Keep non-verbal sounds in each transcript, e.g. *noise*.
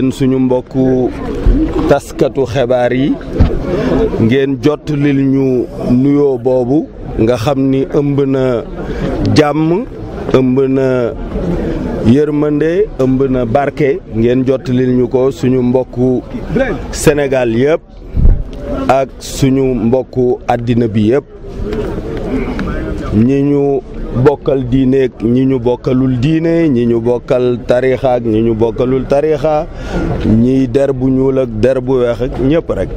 yéen suñu mbokku taskatu xebaar yi ngeen jot ñu nuyoo boobu nga xam ni ëmb na jàmm ëmb na yërmande ëmb na barke ngeen jot ñu ko suñu mbokku senegal yëpp ak suñu mbokku àddina bi yépp ñi ñu bokkal diine ak ñi ñu bokkalul diine ñi ñu bokkal tariixa ñi ñu bokkalul tarixa ñiy der bu ñuul ak der bu weex ak ñépp rekk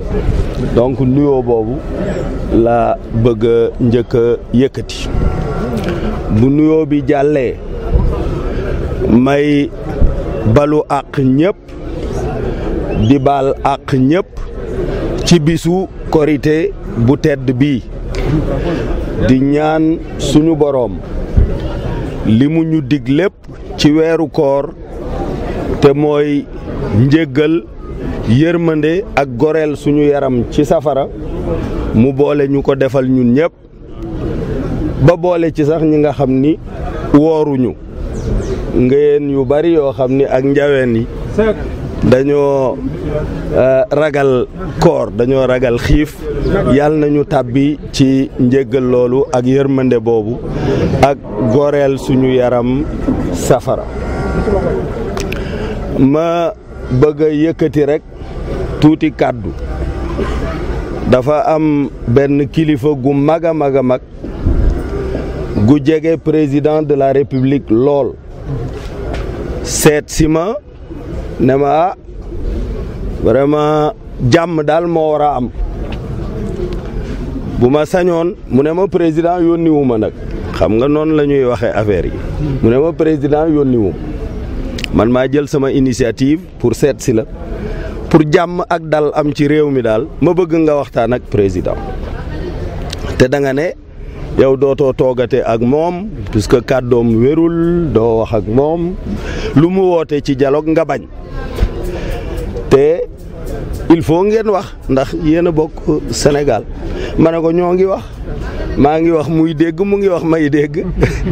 donc nuyoo boobu la bëgg njëkk a yëkkati bu nuyoo bi jàllee may balu àq ñëpp di baal àq ñëpp ci bisu korité bu tedd bii di ñaan suñu boroom li mu ñu dig lépp ci weeru koor te mooy njéggal yërmande ak goreel suñu yaram ci safara mu boole ñu ko defal ñun ñépp ba boole ci sax ñi nga xam ni wooruñu ngeen yu bari yoo xam ni ak njaween yi dañoo euh, ragal koor dañoo ragal xiif yàlla nañu tàbbi ci njéggal loolu ak yërmande boobu ak goreel suñu yaram safara ma bëgga yëkkati rekk tuuti kàddu dafa am benn kilifa gu mag a mag a mag gu jege président de la république lool seet ma ne ma ah vraiment jàmm daal moo war a am bu ma sañoon mu ne ma président yónni wu ma nag xam nga noonu la ñuy waxee affaire yi mu ne ma président yónni wu man maa jël sama initiative pour seet si la pour jàmm ak dal am ci réew mi daal ma bëgg nga waxtaan ak président te da nga ne yow dootoo toogate ak moom puisque kàddoom wérul doo wax ak moom lu mu woote ci dialogue nga bañ te il faut ngeen wax ndax yéen a bokk Sénégal ma ne ko ñoo ngi wax maa ngi wax muy dégg mu ngi wax may dégg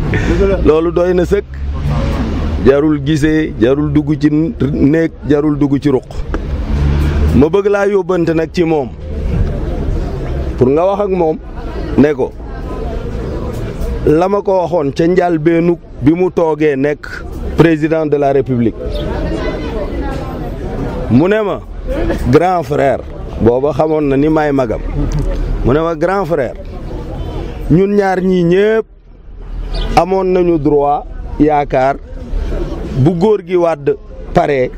*laughs* loolu doy na sëkk jarul gise jarul dugg ci néeg jarul dugg ci ruq ma bëgg laa yóbbante nag ci moom pour nga wax ak moom ne ko la ma ko waxoon ca njëlbéenu bi mu toogee nekk président de la république mu ne ma grand frère booba xamoon na ni may magam mu ne ma grand frère ñun ñaar ñii ñëpp amoon nañu droit yaakaar bu góor gi wàdd pare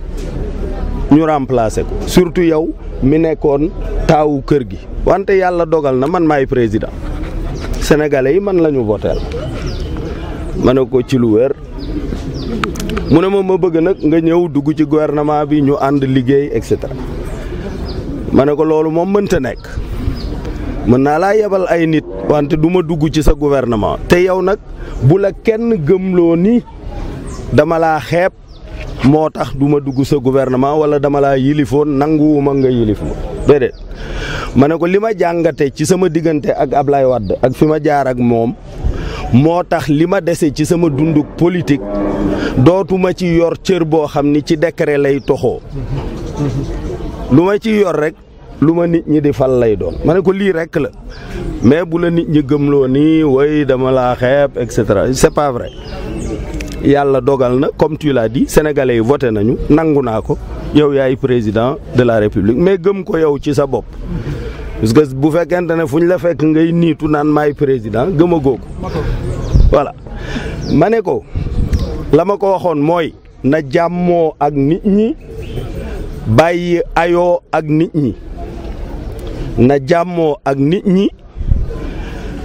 ñu remplacer ko surtout yow mu nekkoon taawu kër gi wante yàlla dogal na man may président sénégalais yi man lañu ñu ma ne ko ci lu wér mu ne ma ma bëgg nag nga ñëw dugg ci gouvernement bi ñu ànd liggéey et cetera ma ne ko loolu moom mënta nekk mën naa laa yebal ay nit wante du ma dugg ci sa gouvernement te yow nag bu la kenn gëmloo ni dama laa xeeb moo tax du ma dugg sa gouvernement wala dama laa yilifoon nanguwuma nga yilif ma déedéet ma ne ko li ma jàngate ci sama diggante ak Ablaye wadd ak fi ma jaar ak moom moo tax li ma dese ci sama dunduk politique dootuma ci yor cër boo xam ni ci décret lay toxoo lu ma ci yor rek lu ma nit ñi di fal lay doon ma ne ko lii rek la mais bu la nit ñi gëmloo nii way dama laa xeeb et cetera c'est pas vrai yàlla dogal na comme tu l'as dit sénégalais yi voté nañu nangu naa ko yow yaay président de la république mais gëm ko yow ci sa bopp. parce que bu fekkente ne fu ñu la fekk ngay niitu naan maay président gëmagoo ko voilà ma ne ko la ma ko waxoon mooy na jàmmoo ak nit ñi bàyyi ayoo ak nit ñi na jàmmoo ak nit ñi.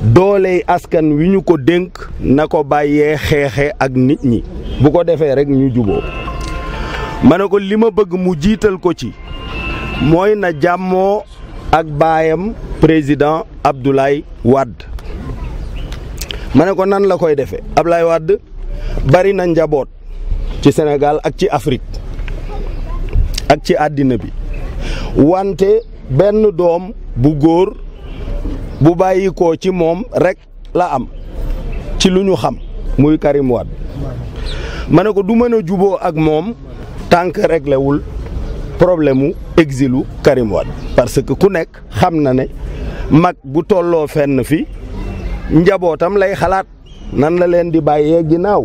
dooley askan wi ñu ko dénk na ko bàyyee xeexe ak nit ñi bu ko defee rekk ñu juboo ma ne ko li ma bëgg mu jiital ko ci mooy na jàmmoo ak baayam président Abdoulaye wadd ma ne ko nan la koy defee Abdoulaye Wade bari na njaboot ci Sénégal ak ci afrig ak ci àddina bi wante benn doom bu góor bu bàyyi ci moom rek la am ci lu ñu xam muy Karim Wade ma ne ko du mën a juboo ak moom tant que réglé wul problème mu exilu Karim Wade parce que ku nekk xam na ne mag bu tolloo fenn fi njabootam lay xalaat nan la leen di bàyyee ginnaaw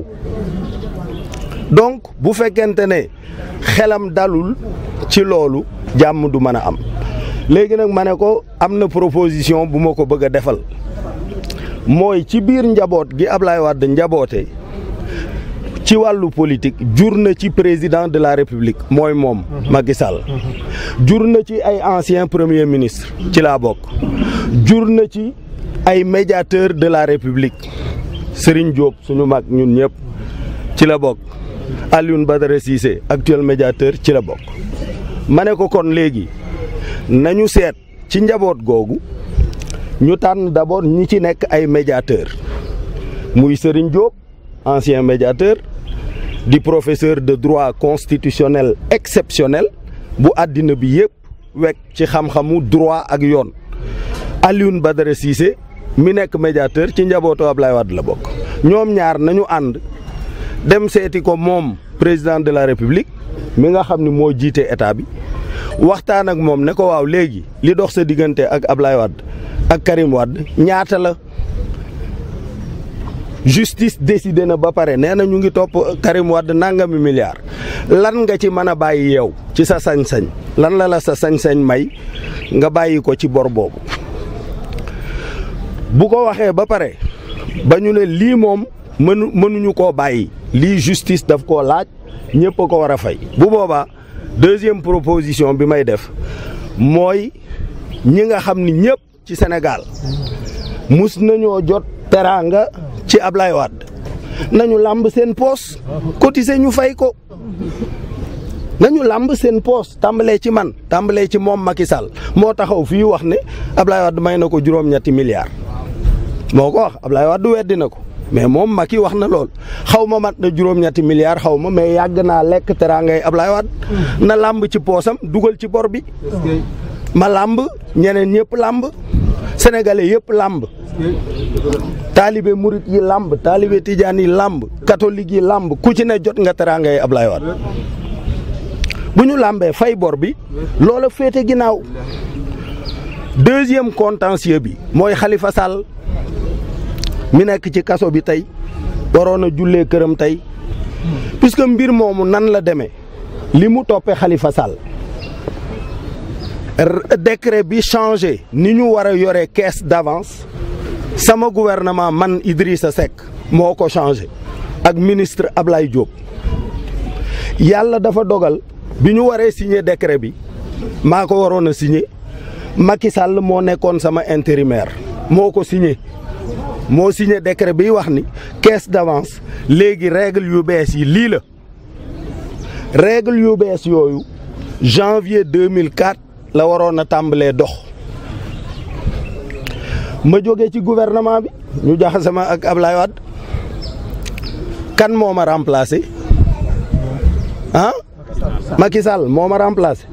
donc bu fekkente ne xelam dalul ci loolu jàmm du mën a am léegi nag ma ne ko am na proposition bu ma ko bëgg a defal mooy ci biir njaboot gi Ablaye Wade njaboote ci wàllu politique jur na ci président de la république mooy moom Macky Sall jur na ci ay ancien premier ministre ci laa bokk jur na ci ay médiateur de la république Serigne Diop suñu mag ñun ñëpp ci la bokk Alioune Badara Cissé actuel médiateur ci la bokk ma ne ko kon léegi nañu seet ci njaboot googu ñu tànn d'abord ñi ci nekk ay médiateur muy Serigne Diop ancien médiateur di professeur de droit constitutionnel exceptionnel bu àddina bi yëpp wekk ci xam-xamu droit ak yoon Alioune Badara Cissé mi nekk médiateur ci njabootu Ablaye Wade la bokk ñoom ñaar nañu ànd dem seeti ko moom président de la république mi nga xam ni moo jiite état bi waxtaan ak moom ne ko waaw léegi li dox sa diggante ak Ablaye Wade ak Karim Wade ñaata la justice décidé na ba pare nee na ñu ngi topp Karim Wade nangami milliard lan nga ci mën a bàyyi yow ci sa sañ-sañ lan la la sa sañ-sañ may nga bàyyi ko ci bor boobu bu ko waxee ba pare ba ñu ne lii moom mënu mënuñu koo bàyyi lii justice daf koo laaj ñëpp a ko war a fay bu boobaa deuxième proposition bi may def mooy ñi nga xam ni ñëpp ci Sénégal mus nañoo jot teraanga ci Ablaye Wade nañu làmb seen poos cotiser ñu fay ko nañu làmb seen poos tàmbalee ci man tàmbalee ci moom Macky Sall moo taxaw fii wax ne Ablaye Wade may na ko juróom-ñetti milliards moo ko wax Ablaye Wade weddi na ko mais moom yi wax na lool xawma ma mat na juróom-ñetti milliards xaw ma mais yàgg naa lekk teraangay Ablaye Wade hmm. na làmb ci poosam dugal ci bor bi ma làmb ñeneen ñëpp làmb sénégalais yëpp làmb taalibe murit yi làmb taalibe tijaan yi làmb catholique yi làmb ku ci ne jot nga teraangay Ablaye Wade bu ñu làmbee fay bor bi loola féete ginnaaw deuxième contentieux bi mooy Khalifa Sall mi nekk ci kaso bi tey waroon a jullee këram tey puisque mbir moomu nan la demee li mu toppee xalifa sal décret bi changé ni ñu war a yore caisse d'avance sama gouvernement man Idrissa Seck moo ko changé ak ministre Ablaye Diop yàlla dafa dogal bi ñu waree signer décret bi maa ko waroon a signer Macky Sall moo nekkoon sama intérimaire moo ko signer moo signé décret bi wax ni caisse d'avance léegi règle yu bees yi lii la règle yu bees yooyu janvier 2004 la waroon a tàmbalee dox ma jóge ci gouvernement bi ñu jaxase ma ak Ablaye Wade kan moo ma remplacé ah Macky Sall moo ma remplacé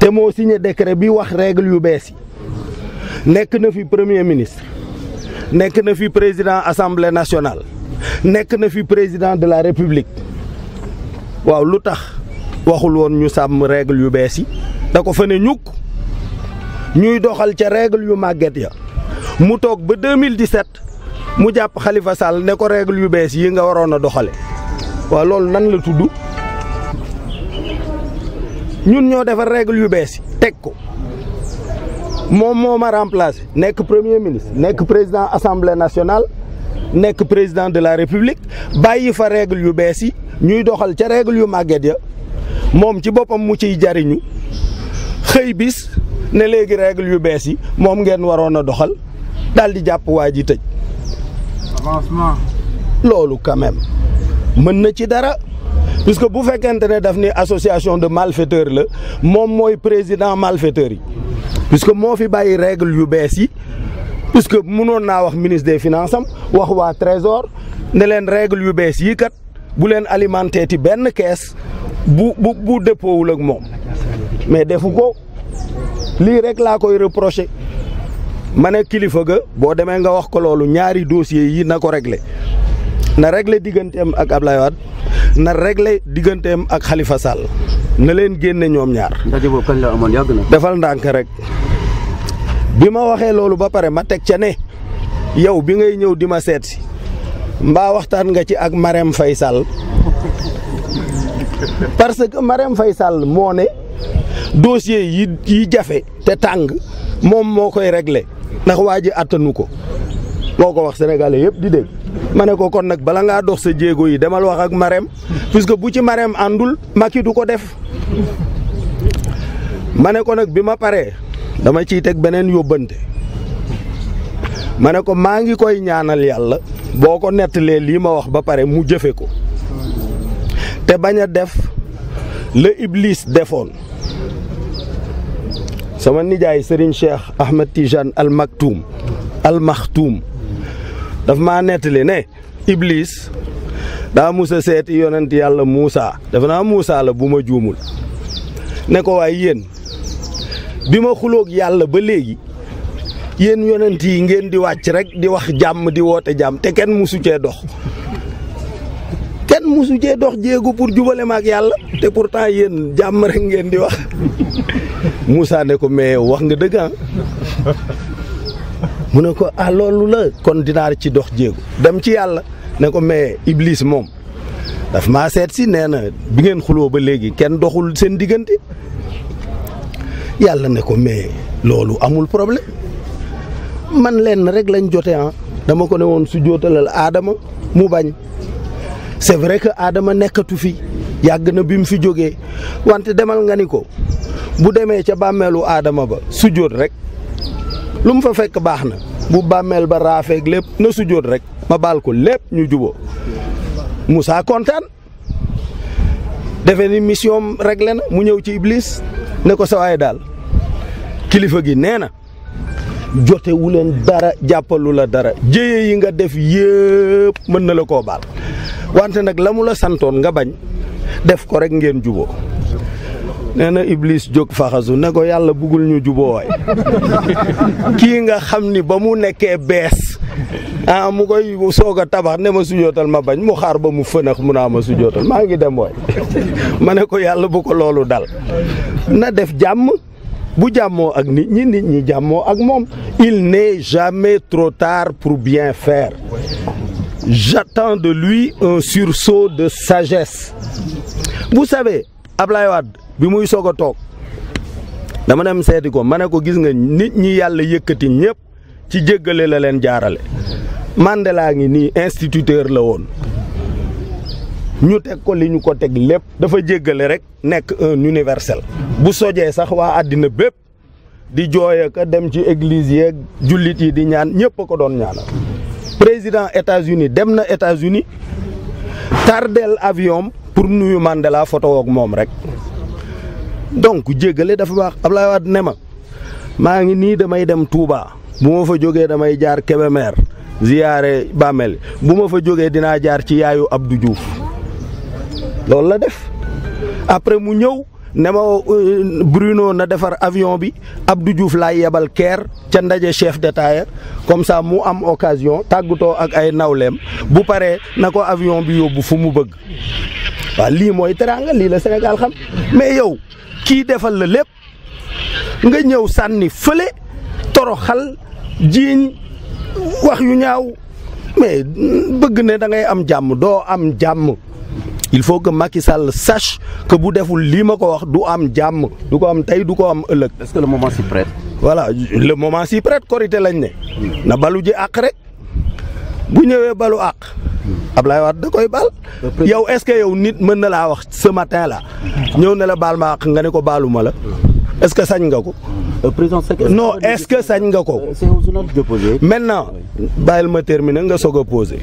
te moo signé décret bi wax règle yu bees yi nekk na fi premier ministre nekk na fi président assemblée nationale nekk na fi président de la république waaw lu tax waxul woon ñu sàmm règle yu bees yi da ko fa ne ñukk ñuy doxal ca règle yu màgget ya mu toog ba 2017 mu jàpp xalifa Sall ne ko règle yu bees yi nga waroon a doxale waaw loolu nan la tudd ñun ñoo defar règle yu bees yi teg ko moom moo ma remplacé nekk premier ministre nekk président assemblée nationale nekk président de la république bàyyi fa règle yu bees yi ñuy doxal ca règle yu màgget ya moom ci boppam mu ci jariñu xëy bis ne léegi règle yu bees yi moom ngeen waroon a doxal daal di jàpp waa ji tëj loolu quand mën na ci dara que bu fekkente ne daf ni association de malfaiteurs la moom mooy président malfaiteurs yi puisque moo fi bàyyi règle yu bees yi puisque mënoon naa wax ministre des finances am wax waa trésor ne leen règle yu bees yi kat bu leen alimenté ti benn kees bu bu bu dëppoowul ak moom mais defu ko lii rek laa koy reproché ma ne kilifa ga boo demee nga wax ko loolu ñaari dossier yi na ko réglé na réglé digganteem ak Ablaye Wade na réglé digganteem ak xalifa Sall na leen génne ñoom ñaar. ndaje boobu kañ la amoon yàgg defal ndànk rek. bi ma waxee loolu ba pare ma teg ca ne yow bi ngay ñëw di ma seet si mbaa waxtaan nga ci ak Marème fay Sall parce que Marème fay Sall moo ne dossier yi yi jafe te tàng moom moo koy régler ndax waa ji àttanu ko moo ko wax sénégalais yëpp di dégg ma ne ko kon nag bala ngaa dox sa jéego yi demal wax ak Marème puisque bu ci mareem àndul Macky du ko def ma ne ko nag bi ma paree dama ciy teg beneen yóbbante ma ne ko maa ngi koy ñaanal yàlla boo ko nettalee lii ma wax ba pare mu jëfe ko te bañ a def la Iblis defoon sama nijaay Serigne Cheikh Ahmed Tidiane Al Maktoum Al daf maa nettali ne Iblis daa musa seeti yonent yàlla muusa dafa naa Moussa la bu ma juumul ne ko waay yéen. bi ma xuloog yàlla ba léegi yéen yonent yi ngeen di wàcc rek di wax jàmm di woote jàmm te kenn musu cee dox kenn musu cee dox jéego pour jubale ma ak yàlla te pourtant yéen jàmm rek ngeen di wax Moussa ne ko mais wax nga dëgg ah mu ne ko ah la kon dinaar ci dox jéego dem ci yàlla ne ko mais ibliis moom daf maa seet si nee na bi ngeen xuloo ba léegi kenn doxul seen diggante yàlla ne ko mais loolu amul problème man leen rek lañ jote ah dama ko ne woon su jootalal aadama mu bañ c'est vrai que aadama nekkatu fi yàgg na bi mu fi jógee wante demal nga ni ko bu demee ca bàmmeelu aadama ba su joot rek lu mu fa fekk baax na bu bàmmeel ba raafeeg lépp na su joot rek ma baal ko lépp ñu juboo Moussa kontaan defe ni mission réglé na mu ñëw ci Iblis ne ko sa waay daal kilifa gi nee na jotewu leen dara jàppalu la dara jëye yi nga def yëpp mën na la ko baal wante nag la mu la santoon nga bañ def ko rek ngeen juboo nee na Iblis jóg faxasu ne ko yàlla bëggul ñu juboo waay *laughs* kii nga xam ni ba mu nekkee bees ah mu koy soog a tabax ne ma sujootal ma bañ mu xaar ba mu fënax mu naa ma sujootal maa ngi dem waay *laughs* ma ne ko yàlla bu ko loolu dal na def jàmm bu jàmmoo ak nit ñi nit ñi jàmmoo ak moom il ne jamais trop tard pour bien faire j'attends de lui un sursaut de sagesse vous savez Ablaye Wade bi muy soog a toog dama dem seeti ko ma ne ko gis nga nit ñi yàlla yëkkati ñëpp ci jéggale la leen jaarale mande laa ngi nii instituteur la woon ñu teg ko li ñu ko teg lépp dafa jéggale rek nekk un universel bu sojee sax waa àddina bépp di jooy ak dem ci église yeeg jullit yi di ñaan ñëpp ko doon ñaanal président États-Unis dem na états tar del avion pour nuyu Mandela photo ak moom rek donc jéggale dafa baax Ablaye Wade ne ma maa ngi nii damay dem Touba bu ma fa jógee damay jaar Kébémer ziyaare bàmmeel bu ma fa jógee dinaa jaar ci yaayu ab du Diouf loolu la def après mu ñëw ne ma euh, Bruno na defar avion bi ab du juuf laay yebal keer ca ndaje chef d'état ya comme ça mu am occasion tàggatoo ak ay nawleem bu paree na ko avion bi yóbbu fu mu bëgg waaw lii mooy teraanga lii la Sénégal xam mais yow kii defal la lépp nga ñëw sànni fële xal jiiñ wax yu ñaaw mais mm, bëgg na dangay am jàmm doo am jàmm. il faut que Macky Sall sache que bu deful lii ma ko wax du am jàmm du ko am tey du ko am ëllëg. est-ce que moment s'y prête. voilà le moment s'y prête korité lañ ne. na balu ji àq rek bu ñëwee balu àq. Ablaye Wade da koy baal. yow est-ce que nit mën na laa wax ce matin là. ñëw na la bal ma àq nga ne ko balu ma la. est-ce que sañ nga ko. président non est-ce que sañ nga ko. Euh, maintenant bàyyil ma terminer nga soog a poser.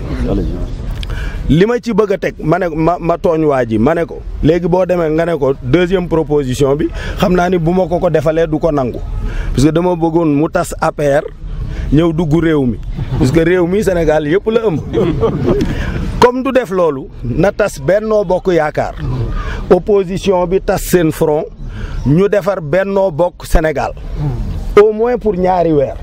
li ma ci bëgg a teg ma ne ma ma tooñ waa ji ma ne ko léegi boo demee nga ne ko deuxième proposition bi xam naa ni bu ma ko ko defalee du ko nangu parce que dama bëggoon mu tas APR ñëw dugg réew mi parce que réew mi Sénégal yëpp la ëmb *laughs* comme du def loolu na tas Bennoo Bokk Yaakaar opposition bi tas seen front ñu defar Bennoo Bokk Sénégal au moins pour ñaari weer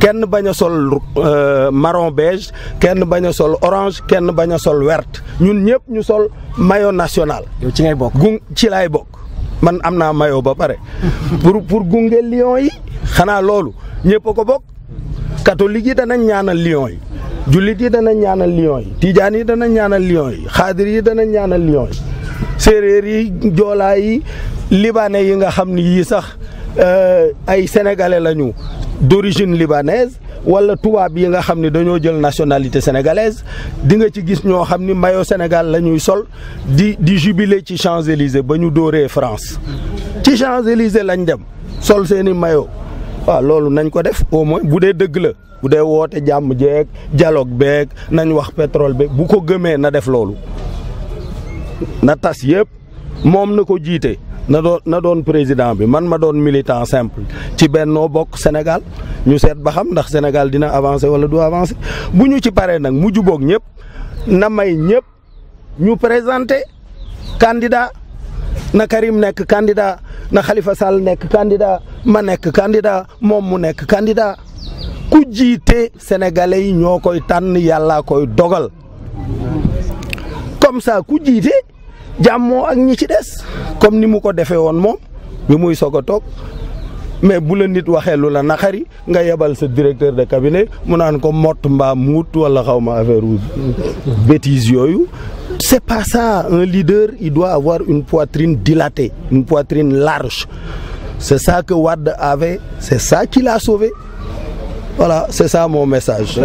kenn bañ a sol euh, maron beige kenn bañ a sol orange kenn bañ a sol wert ñun ñëpp ñu sol mayo national. yow ci ngay bokk ci laay bokk man am naa maillot ba pare. *laughs* pour pour gunge lion yi xanaa loolu ñëpp a ko bokk catholique yi danañ ñaanal lion yi. jullit yi dana ñaana lion yi tijaan yi dana ñaanal lion yi xaadir yi dana ñaana lion yi séeréer yi joolaa libaane yi nga xam ni yii sax euh, ay sénégalais lañu d'origine libanaise wala tubaab yi nga xam ne dañoo jël nationalité sénégalaise di nga ci gis ñoo xam ni maillot Sénégal la ñuy sol di di jubilé ci Champs-Élysées ba ñu dóoree France ci Champs-Élysées lañ dem sol seeni maillot waaw loolu nañ ko def au moins bu dee dëgg la bu dee woote jàmm jeeg dialogue beeg nañ wax pétrole beeg bu ko gëmee na def loolu na tas yëpp moom na ko jiite. na doon na doon président bi man ma doon militant simple ci Benno Bokk Sénégal ñu seet ba xam ndax Sénégal dina avancer wala du avancé bu ñu ci paree nag mu jubóog ñëpp na may ñëpp ñu présenter candidat na Karim nekk candidat na Khalifa Sall nekk candidat ma nekk candidat moom mu nekk candidat ku jiite sénégalais yi ñoo koy tànn yàllaa koy dogal comme ça ku jiite. jàmmoo ak ñi ci des comme ni mu ko defee woon moom bi muy soog a toog mais bu la nit waxee lu la naqari nga yebal sa directeur de cabinet mu naan ko mott mbaam muut walla xaw ma affaire bêtise yooyu c'est pas ça un leader il doit avoir une poitrine dilatée une poitrine large c'est ça que Wade avait c'est ça qui l'a sauvé voilà c'est ça mon message